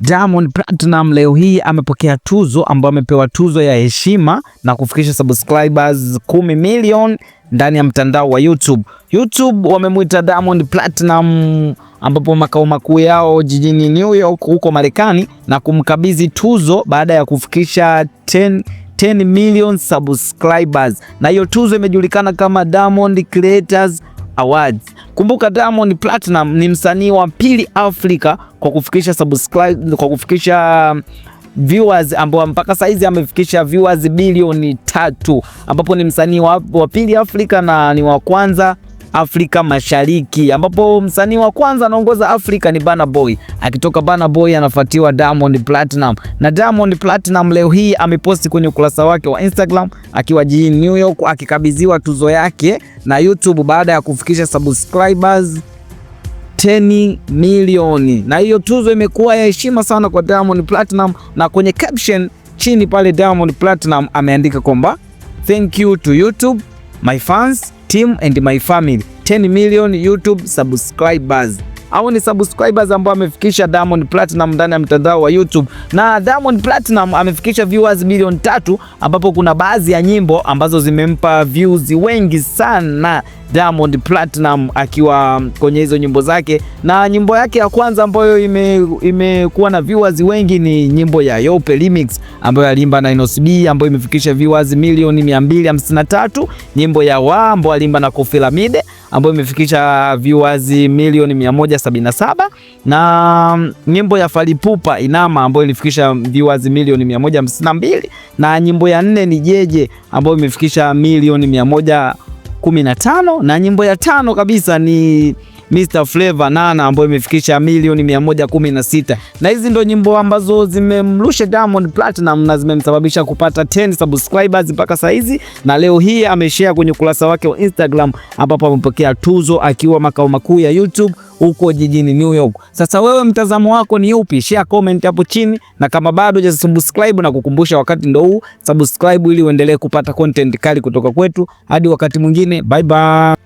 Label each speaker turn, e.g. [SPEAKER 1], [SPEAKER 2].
[SPEAKER 1] Diamond Platinum leo hii amepokea tuzo ambayo amepewa tuzo ya heshima na kufikisha subscribers 10 million ndani ya mtandao wa YouTube. YouTube wamemwita Diamond Platinum ambapo makao makuu yao jijini New York huko Marekani na kumkabidhi tuzo baada ya kufikisha 10 10 million subscribers. Na hiyo tuzo imejulikana kama Diamond Creators Awards. Kumbuka Diamond Platinum ni msanii wa pili Afrika kwa kufikisha subscribe, kwa kufikisha um, viewers ambao mpaka saizi amefikisha viewers bilioni tatu ambapo ni msanii wa, wa pili Afrika na ni wa kwanza Afrika Mashariki, ambapo msanii wa kwanza anaongoza Afrika ni Burna Boy. Akitoka Burna Boy anafuatiwa Diamond Platinum, na Diamond Platinum leo hii ameposti kwenye ukurasa wake wa Instagram akiwa jijini New York akikabidhiwa tuzo yake na YouTube baada ya kufikisha subscribers 10 milioni, na hiyo tuzo imekuwa ya heshima sana kwa Diamond Platinum, na kwenye caption chini pale Diamond Platinum ameandika kwamba thank you to YouTube my fans Team and my family 10 million YouTube subscribers au ni subscribers ambao amefikisha Diamond Platinum ndani ya mtandao wa YouTube, na Diamond Platinum amefikisha viewers bilioni tatu, ambapo kuna baadhi ya nyimbo ambazo zimempa views wengi sana Diamond Platinum akiwa kwenye hizo nyimbo zake, na nyimbo yake ya kwanza ambayo imekuwa ime na viewers wengi ni nyimbo ya Yope Remix ambayo alimba na Inos B ambayo imefikisha viewers milioni 253. Nyimbo ya Wa ambayo alimba na Koffi Olomide ambayo imefikisha viewers milioni 177, na mm, nyimbo ya Falipupa Inama ambayo ilifikisha viewers milioni 152, na nyimbo ya nne ni Jeje ambayo imefikisha milioni 100 15 na nyimbo ya tano kabisa ni Mr Flavor Nana ambayo imefikisha milioni 116, na hizi ndo nyimbo ambazo zimemrusha Diamond Platinum na zimemsababisha kupata 10 subscribers mpaka hizi, na leo hii ameshare kwenye ukurasa wake wa Instagram ambapo amepokea tuzo akiwa makao makuu ya YouTube huko jijini New York. Sasa wewe mtazamo wako ni upi? Share comment hapo chini, na kama bado hujasubscribe na kukumbusha wakati ndo huu, subscribe ili uendelee kupata content kali kutoka kwetu. Hadi wakati mwingine, bye bye.